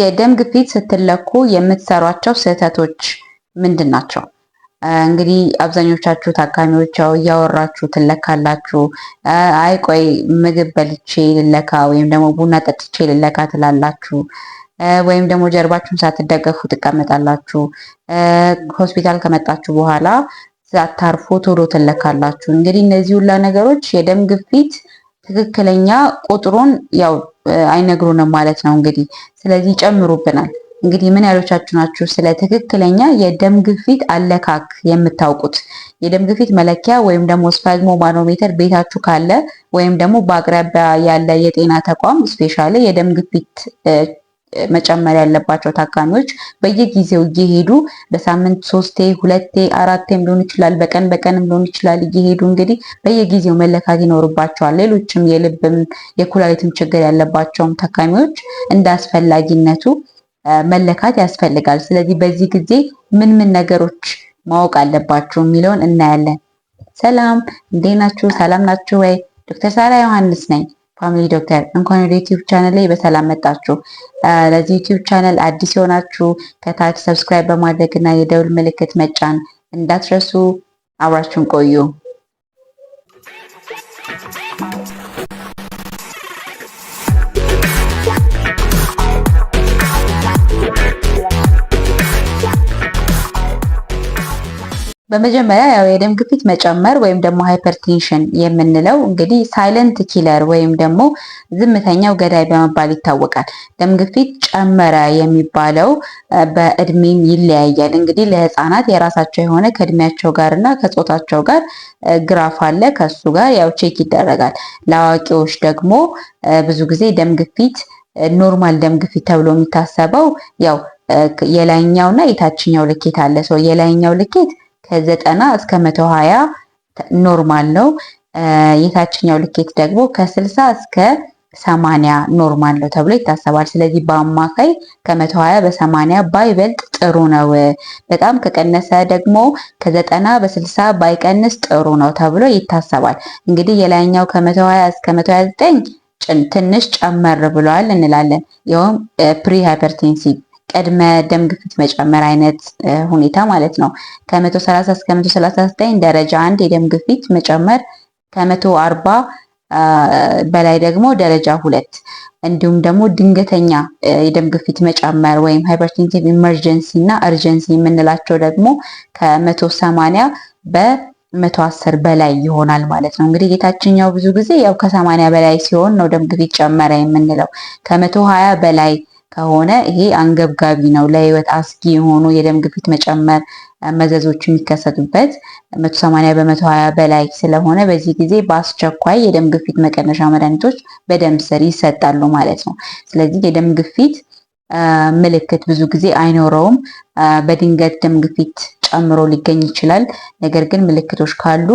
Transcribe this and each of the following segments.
የደም ግፊት ስትለኩ የምትሰሯቸው ስህተቶች ምንድን ናቸው? እንግዲህ አብዛኞቻችሁ ታካሚዎች ያው እያወራችሁ ትለካላችሁ። አይ ቆይ ምግብ በልቼ ልለካ ወይም ደግሞ ቡና ጠጥቼ ልለካ ትላላችሁ። ወይም ደግሞ ጀርባችሁን ሳትደገፉ ትቀመጣላችሁ። ሆስፒታል ከመጣችሁ በኋላ ሳታርፉ ቶሎ ትለካላችሁ። እንግዲህ እነዚህ ሁላ ነገሮች የደም ግፊት ትክክለኛ ቁጥሩን ያው አይነግሩንም ማለት ነው እንግዲህ። ስለዚህ ጨምሩብናል። እንግዲህ ምን ያሎቻችሁ ናችሁ ስለ ትክክለኛ የደም ግፊት አለካክ የምታውቁት? የደም ግፊት መለኪያ ወይም ደግሞ ስፋዝሞ ማኖሜተር ቤታችሁ ካለ ወይም ደግሞ በአቅራቢያ ያለ የጤና ተቋም ስፔሻሊ የደም ግፊት መጨመር ያለባቸው ታካሚዎች በየጊዜው እየሄዱ በሳምንት ሶስቴ፣ ሁለቴ፣ አራቴም ሊሆን ይችላል፣ በቀን በቀንም ሊሆን ይችላል። እየሄዱ እንግዲህ በየጊዜው መለካት ይኖርባቸዋል። ሌሎችም የልብም የኩላሊትም ችግር ያለባቸውም ታካሚዎች እንደ አስፈላጊነቱ መለካት ያስፈልጋል። ስለዚህ በዚህ ጊዜ ምን ምን ነገሮች ማወቅ አለባቸው የሚለውን እናያለን። ሰላም እንዴት ናችሁ? ሰላም ናችሁ ወይ? ዶክተር ሳራ ዮሐንስ ነኝ። ፋሚሊ ዶክተር እንኳን ወደ ዩቲዩብ ቻናል ላይ በሰላም መጣችሁ። ለዚህ ዩቲዩብ ቻናል አዲስ የሆናችሁ ከታች ሰብስክራይብ በማድረግ እና የደውል ምልክት መጫን እንዳትረሱ። አብራችሁን ቆዩ። በመጀመሪያ ያው የደም ግፊት መጨመር ወይም ደግሞ ሃይፐርቴንሽን የምንለው እንግዲህ ሳይለንት ኪለር ወይም ደግሞ ዝምተኛው ገዳይ በመባል ይታወቃል። ደም ግፊት ጨመረ የሚባለው በእድሜም ይለያያል። እንግዲህ ለህፃናት የራሳቸው የሆነ ከእድሜያቸው ጋር እና ከጾታቸው ጋር ግራፍ አለ። ከሱ ጋር ያው ቼክ ይደረጋል። ለአዋቂዎች ደግሞ ብዙ ጊዜ ደም ግፊት ኖርማል ደም ግፊት ተብሎ የሚታሰበው ያው የላይኛው እና የታችኛው ልኬት አለ። ሰው የላይኛው ልኬት ከዘጠና እስከ መቶ ሀያ ኖርማል ነው። የታችኛው ልኬት ደግሞ ከስልሳ እስከ ሰማንያ ኖርማል ነው ተብሎ ይታሰባል። ስለዚህ በአማካይ ከመቶ ሀያ በሰማንያ ባይበልጥ ጥሩ ነው። በጣም ከቀነሰ ደግሞ ከዘጠና በስልሳ ባይቀንስ ጥሩ ነው ተብሎ ይታሰባል። እንግዲህ የላይኛው ከመቶ ሀያ እስከ መቶ ሀያ ዘጠኝ ትንሽ ጨመር ብሏል እንላለን። ይኸውም ፕሪ ሃይፐርቴንሲቭ ቅድመ ደም ግፊት መጨመር አይነት ሁኔታ ማለት ነው። ከ130 እስከ 139 ደረጃ አንድ የደም ግፊት መጨመር ከ140 በላይ ደግሞ ደረጃ ሁለት እንዲሁም ደግሞ ድንገተኛ የደም ግፊት መጨመር ወይም ሃይፐርቴንሲቭ ኢመርጀንሲ እና እርጀንሲ የምንላቸው ደግሞ ከ180 በ አስር በላይ ይሆናል ማለት ነው። እንግዲህ የታችኛው ብዙ ጊዜ ያው ከ በላይ ሲሆን ነው ደም ግፊት ጨመረ የምንለው ከመቶ ሀያ በላይ ከሆነ ይሄ አንገብጋቢ ነው። ለህይወት አስጊ የሆኑ የደም ግፊት መጨመር መዘዞች የሚከሰቱበት 180 በ120 በላይ ስለሆነ በዚህ ጊዜ በአስቸኳይ የደም ግፊት መቀነሻ መድኃኒቶች በደም ስር ይሰጣሉ ማለት ነው። ስለዚህ የደም ግፊት ምልክት ብዙ ጊዜ አይኖረውም። በድንገት ደም ግፊት ጨምሮ ሊገኝ ይችላል። ነገር ግን ምልክቶች ካሉ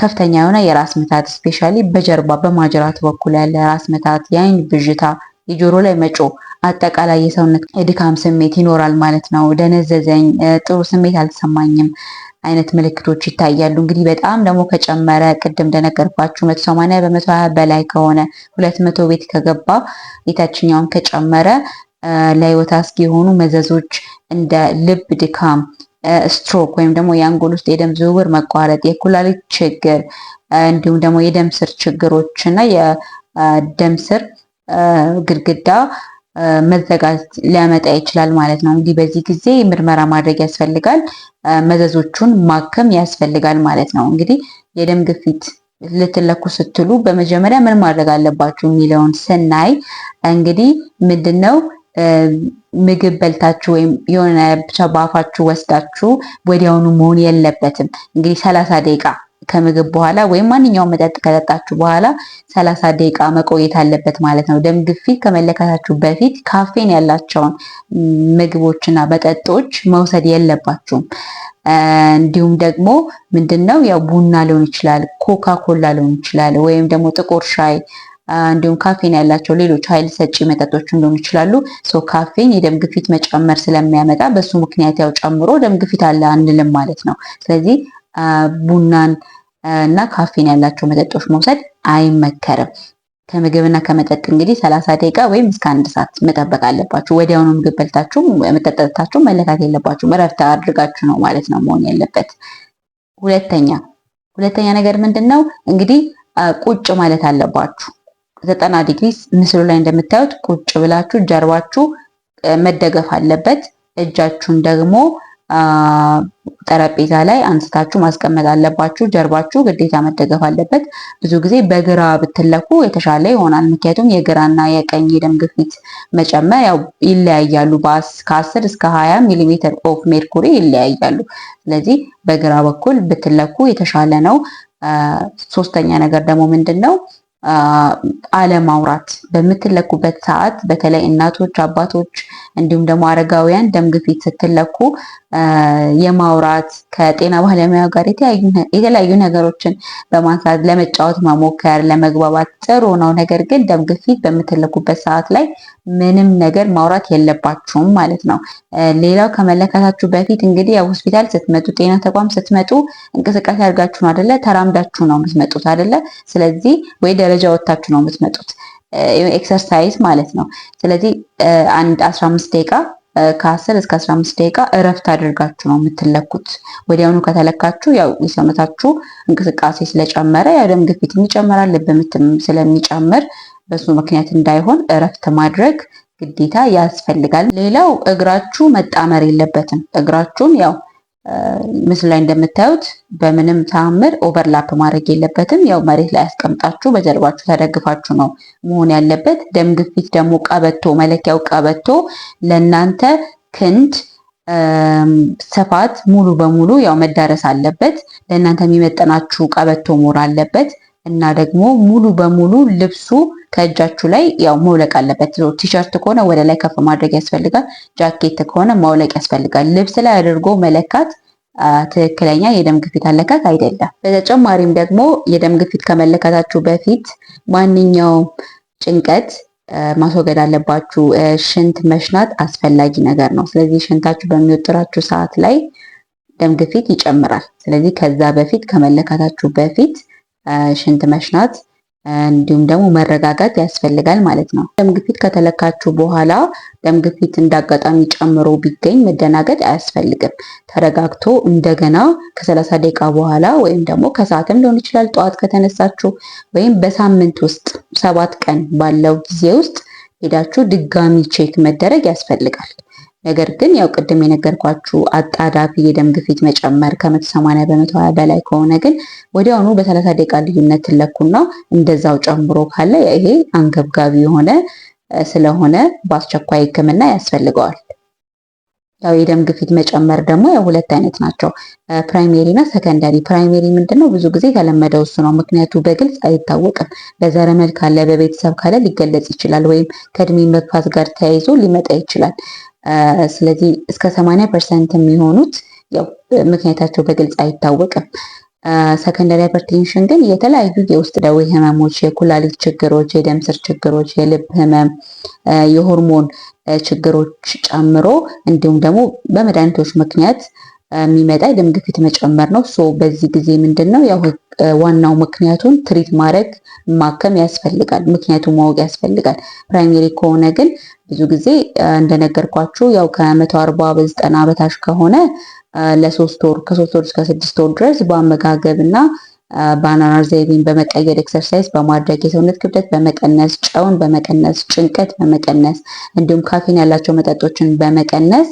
ከፍተኛ የሆነ የራስ ምታት ስፔሻሊ በጀርባ በማጅራት በኩል ያለ ራስ ምታት፣ የአይን ብዥታ፣ የጆሮ ላይ መጮህ አጠቃላይ የሰውነት የድካም ስሜት ይኖራል ማለት ነው። ደነዘዘኝ፣ ጥሩ ስሜት አልተሰማኝም አይነት ምልክቶች ይታያሉ። እንግዲህ በጣም ደግሞ ከጨመረ ቅድም እንደነገርኳችሁ መቶ ሰማንያ በመቶ ሀያ በላይ ከሆነ ሁለት መቶ ቤት ከገባ የታችኛውን ከጨመረ ለህይወት አስጊ የሆኑ መዘዞች እንደ ልብ ድካም፣ ስትሮክ ወይም ደግሞ የአንጎል ውስጥ የደም ዝውውር መቋረጥ፣ የኩላሊት ችግር እንዲሁም ደግሞ የደም ስር ችግሮች እና የደም ስር ግድግዳ መዘጋት ሊያመጣ ይችላል ማለት ነው። እንግዲህ በዚህ ጊዜ ምርመራ ማድረግ ያስፈልጋል፣ መዘዞቹን ማከም ያስፈልጋል ማለት ነው። እንግዲህ የደም ግፊት ልትለኩ ስትሉ በመጀመሪያ ምን ማድረግ አለባችሁ የሚለውን ስናይ እንግዲህ ምንድን ነው ምግብ በልታችሁ ወይም የሆነ ብቻ በአፋችሁ ወስዳችሁ ወዲያውኑ መሆን የለበትም። እንግዲህ ሰላሳ ደቂቃ ከምግብ በኋላ ወይም ማንኛውም መጠጥ ከጠጣችሁ በኋላ ሰላሳ ደቂቃ መቆየት አለበት ማለት ነው። ደም ግፊት ከመለካታችሁ በፊት ካፌን ያላቸውን ምግቦችና መጠጦች መውሰድ የለባችሁም። እንዲሁም ደግሞ ነው ያው ቡና ሊሆን ይችላል፣ ኮካ ኮላ ሊሆን ይችላል፣ ወይም ደግሞ ጥቁር ሻይ እንዲሁም ካፌን ያላቸው ሌሎች ኃይል ሰጪ መጠጦችም ሊሆኑ ይችላሉ። ሶ ካፌን የደም ግፊት መጨመር ስለሚያመጣ በሱ ምክንያት ያው ጨምሮ ደም ግፊት አለ አንልም ማለት ነው። ስለዚህ ቡናን እና ካፌን ያላቸው መጠጦች መውሰድ አይመከርም። ከምግብና ከመጠጥ እንግዲህ ሰላሳ ደቂቃ ወይም እስከ አንድ ሰዓት መጠበቅ አለባችሁ። ወዲያውኑ ምግብ በልታችሁ መጠጠታችሁ መለካት የለባችሁ። እረፍት አድርጋችሁ ነው ማለት ነው መሆን ያለበት። ሁለተኛ ሁለተኛ ነገር ምንድን ነው እንግዲህ ቁጭ ማለት አለባችሁ። ዘጠና ዲግሪ ምስሉ ላይ እንደምታዩት ቁጭ ብላችሁ ጀርባችሁ መደገፍ አለበት። እጃችሁን ደግሞ ጠረጴዛ ላይ አንስታችሁ ማስቀመጥ አለባችሁ። ጀርባችሁ ግዴታ መደገፍ አለበት። ብዙ ጊዜ በግራ ብትለኩ የተሻለ ይሆናል። ምክንያቱም የግራና የቀኝ የደም ግፊት መጨመር ያው ይለያያሉ። ከአስር እስከ ሀያ ሚሊሜትር ኦፍ ሜርኩሪ ይለያያሉ። ስለዚህ በግራ በኩል ብትለኩ የተሻለ ነው። ሶስተኛ ነገር ደግሞ ምንድን ነው አለማውራት በምትለኩበት ሰዓት በተለይ እናቶች፣ አባቶች እንዲሁም ደግሞ አረጋውያን ደም ግፊት ስትለኩ የማውራት ከጤና ባለሙያ ጋር የተለያዩ ነገሮችን በማንሳት ለመጫወት መሞከር ለመግባባት ጥሩ ነው። ነገር ግን ደም ግፊት በምትለኩበት ሰዓት ላይ ምንም ነገር ማውራት የለባችሁም ማለት ነው። ሌላው ከመለከታችሁ በፊት እንግዲህ ያው ሆስፒታል ስትመጡ፣ ጤና ተቋም ስትመጡ እንቅስቃሴ አድርጋችሁ ነው አደለ? ተራምዳችሁ ነው የምትመጡት አደለ? ስለዚህ ወይ ደረጃ ወታችሁ ነው የምትመጡት። ኤክሰርሳይዝ ማለት ነው። ስለዚህ አንድ 15 ደቂቃ ከ10 እስከ 15 ደቂቃ እረፍት አድርጋችሁ ነው የምትለኩት። ወዲያውኑ ከተለካችሁ ያው የሰውነታችሁ እንቅስቃሴ ስለጨመረ ያ ደም ግፊት ይጨምራል፣ ልብ ምትም ስለሚጨምር በሱ ምክንያት እንዳይሆን እረፍት ማድረግ ግዴታ ያስፈልጋል። ሌላው እግራችሁ መጣመር የለበትም። እግራችሁም ያው ምስሉ ላይ እንደምታዩት በምንም ተአምር ኦቨርላፕ ማድረግ የለበትም። ያው መሬት ላይ ያስቀምጣችሁ በጀርባችሁ ተደግፋችሁ ነው መሆን ያለበት። ደም ግፊት ደግሞ ቀበቶ መለኪያው ቀበቶ ለእናንተ ክንድ ስፋት ሙሉ በሙሉ ያው መዳረስ አለበት። ለእናንተ የሚመጠናችሁ ቀበቶ መሆን አለበት። እና ደግሞ ሙሉ በሙሉ ልብሱ ከእጃችሁ ላይ ያው መውለቅ አለበት። ቲሸርት ከሆነ ወደ ላይ ከፍ ማድረግ ያስፈልጋል። ጃኬት ከሆነ ማውለቅ ያስፈልጋል። ልብስ ላይ አድርጎ መለካት ትክክለኛ የደም ግፊት አለካት አይደለም። በተጨማሪም ደግሞ የደም ግፊት ከመለካታችሁ በፊት ማንኛውም ጭንቀት ማስወገድ አለባችሁ። ሽንት መሽናት አስፈላጊ ነገር ነው። ስለዚህ ሽንታችሁ በሚወጥራችሁ ሰዓት ላይ ደም ግፊት ይጨምራል። ስለዚህ ከዛ በፊት ከመለካታችሁ በፊት ሽንት መሽናት እንዲሁም ደግሞ መረጋጋት ያስፈልጋል ማለት ነው። ደም ግፊት ከተለካችሁ በኋላ ደም ግፊት እንዳጋጣሚ ጨምሮ ቢገኝ መደናገጥ አያስፈልግም። ተረጋግቶ እንደገና ከሰላሳ ደቂቃ በኋላ ወይም ደግሞ ከሰዓትም ሊሆን ይችላል ጠዋት ከተነሳችሁ ወይም በሳምንት ውስጥ ሰባት ቀን ባለው ጊዜ ውስጥ ሄዳችሁ ድጋሚ ቼክ መደረግ ያስፈልጋል። ነገር ግን ያው ቅድም የነገርኳችሁ አጣዳፊ የደም ግፊት መጨመር ከ180 በ120 በላይ ከሆነ ግን ወዲያውኑ በ30 ደቂቃ ልዩነት ትለኩና እንደዛው ጨምሮ ካለ ይሄ አንገብጋቢ የሆነ ስለሆነ በአስቸኳይ ሕክምና ያስፈልገዋል። ያው የደም ግፊት መጨመር ደግሞ ያው ሁለት አይነት ናቸው፣ ፕራይሜሪ እና ሰከንዳሪ። ፕራይሜሪ ምንድነው? ብዙ ጊዜ የተለመደው እሱ ነው። ምክንያቱ በግልጽ አይታወቅም። በዘረመል ካለ በቤተሰብ ካለ ሊገለጽ ይችላል፣ ወይም ከእድሜ መግፋት ጋር ተያይዞ ሊመጣ ይችላል። ስለዚህ እስከ ሰማንያ ፐርሰንት የሚሆኑት ያው ምክንያታቸው በግልጽ አይታወቅም። ሰከንደሪ ሃይፐርቴንሽን ግን የተለያዩ የውስጥ ደዌ ህመሞች፣ የኩላሊት ችግሮች፣ የደም ስር ችግሮች፣ የልብ ህመም፣ የሆርሞን ችግሮች ጨምሮ እንዲሁም ደግሞ በመድኃኒቶች ምክንያት የሚመጣ የደም ግፊት መጨመር ነው። ሶ በዚህ ጊዜ ምንድን ነው ያው ዋናው ምክንያቱን ትሪት ማድረግ ማከም ያስፈልጋል። ምክንያቱ ማወቅ ያስፈልጋል። ፕራይሜሪ ከሆነ ግን ብዙ ጊዜ እንደነገርኳችሁ ያው ከመቶ አርባ በዘጠና በታች ከሆነ ለሶስት ወር ከሶስት ወር እስከ ስድስት ወር ድረስ በአመጋገብ እና ባናና ዘይቤን በመቀየር ኤክሰርሳይዝ በማድረግ የሰውነት ክብደት በመቀነስ ጨውን በመቀነስ ጭንቀት በመቀነስ እንዲሁም ካፌን ያላቸው መጠጦችን በመቀነስ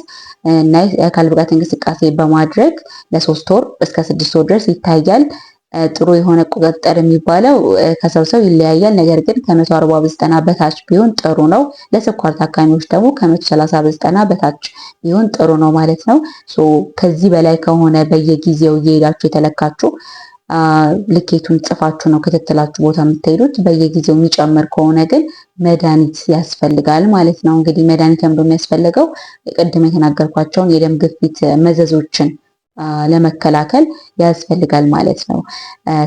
እና የአካል ብቃት እንቅስቃሴ በማድረግ ለሶስት ወር እስከ ስድስት ወር ድረስ ይታያል። ጥሩ የሆነ ቁጥጥር የሚባለው ከሰው ሰው ይለያያል። ነገር ግን ከመቶ አርባ በዘጠና በታች ቢሆን ጥሩ ነው። ለስኳር ታካሚዎች ደግሞ ከ ሰላሳ በዘጠና በታች ቢሆን ጥሩ ነው ማለት ነው። ከዚህ በላይ ከሆነ በየጊዜው እየሄዳችሁ የተለካችሁ ልኬቱን ጽፋችሁ ነው ክትትላችሁ ቦታ የምትሄዱት። በየጊዜው የሚጨምር ከሆነ ግን መድኃኒት ያስፈልጋል ማለት ነው። እንግዲህ መድኃኒት ለምዶ የሚያስፈልገው ቅድም የተናገርኳቸውን የደም ግፊት መዘዞችን ለመከላከል ያስፈልጋል ማለት ነው።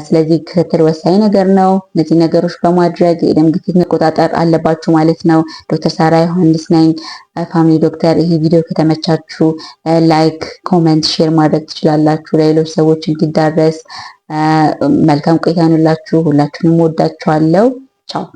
ስለዚህ ክትትል ወሳኝ ነገር ነው። እነዚህ ነገሮች በማድረግ የደም ግፊት መቆጣጠር አለባችሁ ማለት ነው። ዶክተር ሳራ ዮሐንስ ነኝ፣ ፋሚሊ ዶክተር። ይህ ቪዲዮ ከተመቻችሁ ላይክ፣ ኮመንት፣ ሼር ማድረግ ትችላላችሁ ለሌሎች ሰዎች እንዲዳረስ። መልካም ቆይታ ይሁንላችሁ። ሁላችሁንም ወዳችኋለሁ። ቻው